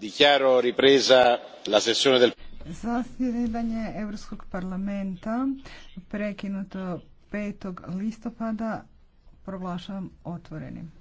dichiaro ripresa la Zasjedanje Europskog parlamenta prekinuto 5. listopada proglašavam otvorenim.